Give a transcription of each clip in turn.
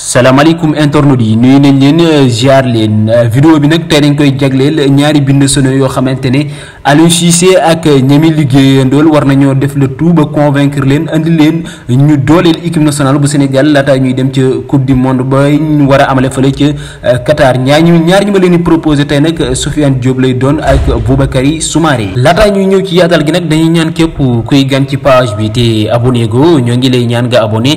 salaamaaleykum internautes yi nuyu nañ leen euh, ziar leen euh, vidéo bi nag tey dañ koy jagleel ñaari bind sono yoo xamante ne Aliou Cissé ak ñami liggéeyandool war nañoo def le tout ba convaincre leen indi leen ñu dooleel équipe nationale bu Sénégal laata ñuy dem ca coupe du monde ba ñu war a amale fële ca euh, Qatar ñaar ñu ñaar ñu ma leen di proposé tey nag Sofiane Diop lay doon ak Boubakary Soumaré laata ñuy ñëw ci yaatal gi nag dañuy ñaan képp kuy gan ci page bi te abonné go ñoo ngi lay ñaan nga abonné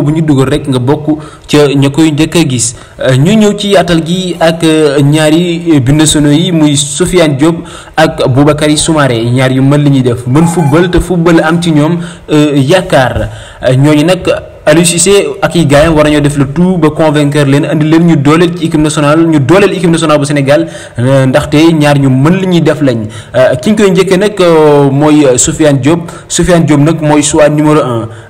vidéo bu ñu dugal rek nga bokk ca ña koy njëkk a gis ñu ñëw ci yaatal gi ak eh, ñaari eh, binationaux yi muy Sofiane Diop ak Boubakary Soumaré ñaar yu mën li ñuy def mën football te football am ci ñoom eh, yaakaar ñooñu nag Aliou ak i gaayam war nañoo def le tout ba convaincre leen andi leen ñu dooleel ci équipe nationale ñu dooleel équipe nationale bu Sénégal ndaxte ñaar ñu mën li ñuy def lañ ki koy njëkkee nag mooy Sofiane Diop Sofiane Diop nag mooy choix numéro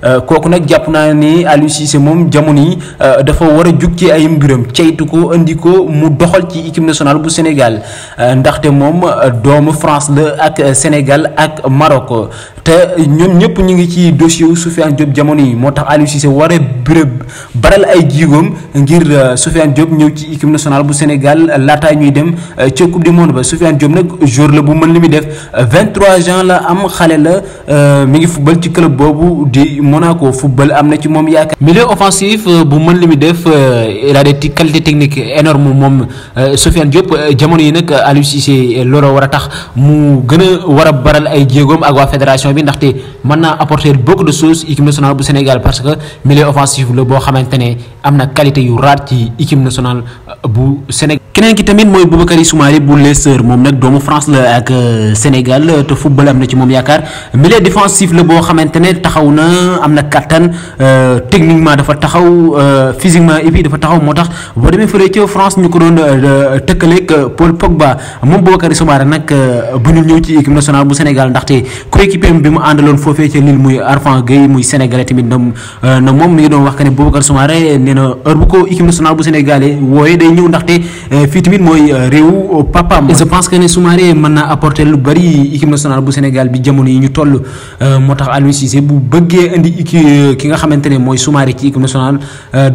Euh, kooku nag jàpp naa ni Aliou moom jamono yi euh, dafa war a jug ci ay mbiram ceytu ko indi mu doxal ci équipe nationale bu Sénégal euh, ndaxte moom doomu France la ak Sénégal ak Maroc te ñoom ñëpp ñu ngi ci dossier wu Soufiane Diop jamono yi moo tax Aliou Cissé waree bërëb baral ay jiigoom ngir euh, Soufiane Diop ñëw ci équipe nationale bu Sénégal euh, laataa ñuy dem euh, ca coupe du monde ba Soufiane Diop nag jour la mën li muy def 23 ans la am xale la mi ngi football ci club boobu di Monaco football am na ci moom yaakaar. milieu offensif bu mën li mu def il a des qualités techniques énormes moom Soufiane Diop jamono yi nag Aliou Cissé war a tax mu gën a war a baral ay jéegoom ak waa fédération bi. bi ndaxte mën apporter beaucoup de choses équipe nationale bu Sénégal parce que milieu offensif le boo xamante ne am qualité yu rare ci équipe nationale euh, bu Sénégal. keneen ki tamit mooy Boubakary Soumaré bu Leicester moom nag doomu France le ak euh, Sénégal euh, te football am na ci moom yaakaar milieu défensif la boo xamante ne taxaw na am na kattan techniquement dafa taxaw physiquement et puis dafa taxaw moo tax boo demee fële ca France ñu ko doon tëkkaleeg Paul Pogba moom Boubakary Soumaré nag bu ñu ñëw ci équipe nationale bu Sénégal ndaxte coéquipier bi mu àndaloon foofee ca Lille muy Arfan Gueye muy sénégalais tamit na euh, na moom mi ngi doon wax que ne Boubacar Soumaré nee na heure bu ko équipe nationale bu Sénégal wooye day ñëw ndaxte euh, fii tamit mooy euh, réew papaam je pense que ne Soumaré mën na apporter lu bari équipe nationale bu Sénégal bi jamono yi ñu toll moo tax Aliou Cissé bu bëggee indi ki nga xamante ne mooy Soumaré ci équipe nationale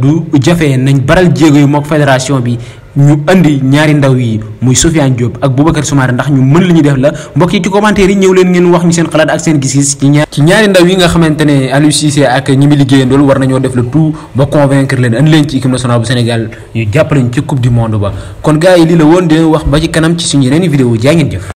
du jafe nañ baral jéego yi mook fédération bi ñu andi ñaari ndaw yi muy Sofiane Diop ak Boubacar Soumaré ndax ñu mën li ñu def la mbokk yi ci commentaire yi ñëw leen ngeen wax ñu seen xalaat ak seen gis-gis ci ñaari ndaw yi nga xamante ne Aliou Cissé ak ñi mu liggéeyandool war nañoo def le tout ba convaincre leen andi leen ci équipe nationale bu Sénégal ñu jàppale ñu ci coupe du monde ba kon gars yi lii la woon dina wax ba ci kanam ci suñu yeneen vidéo jaa ngeen jëf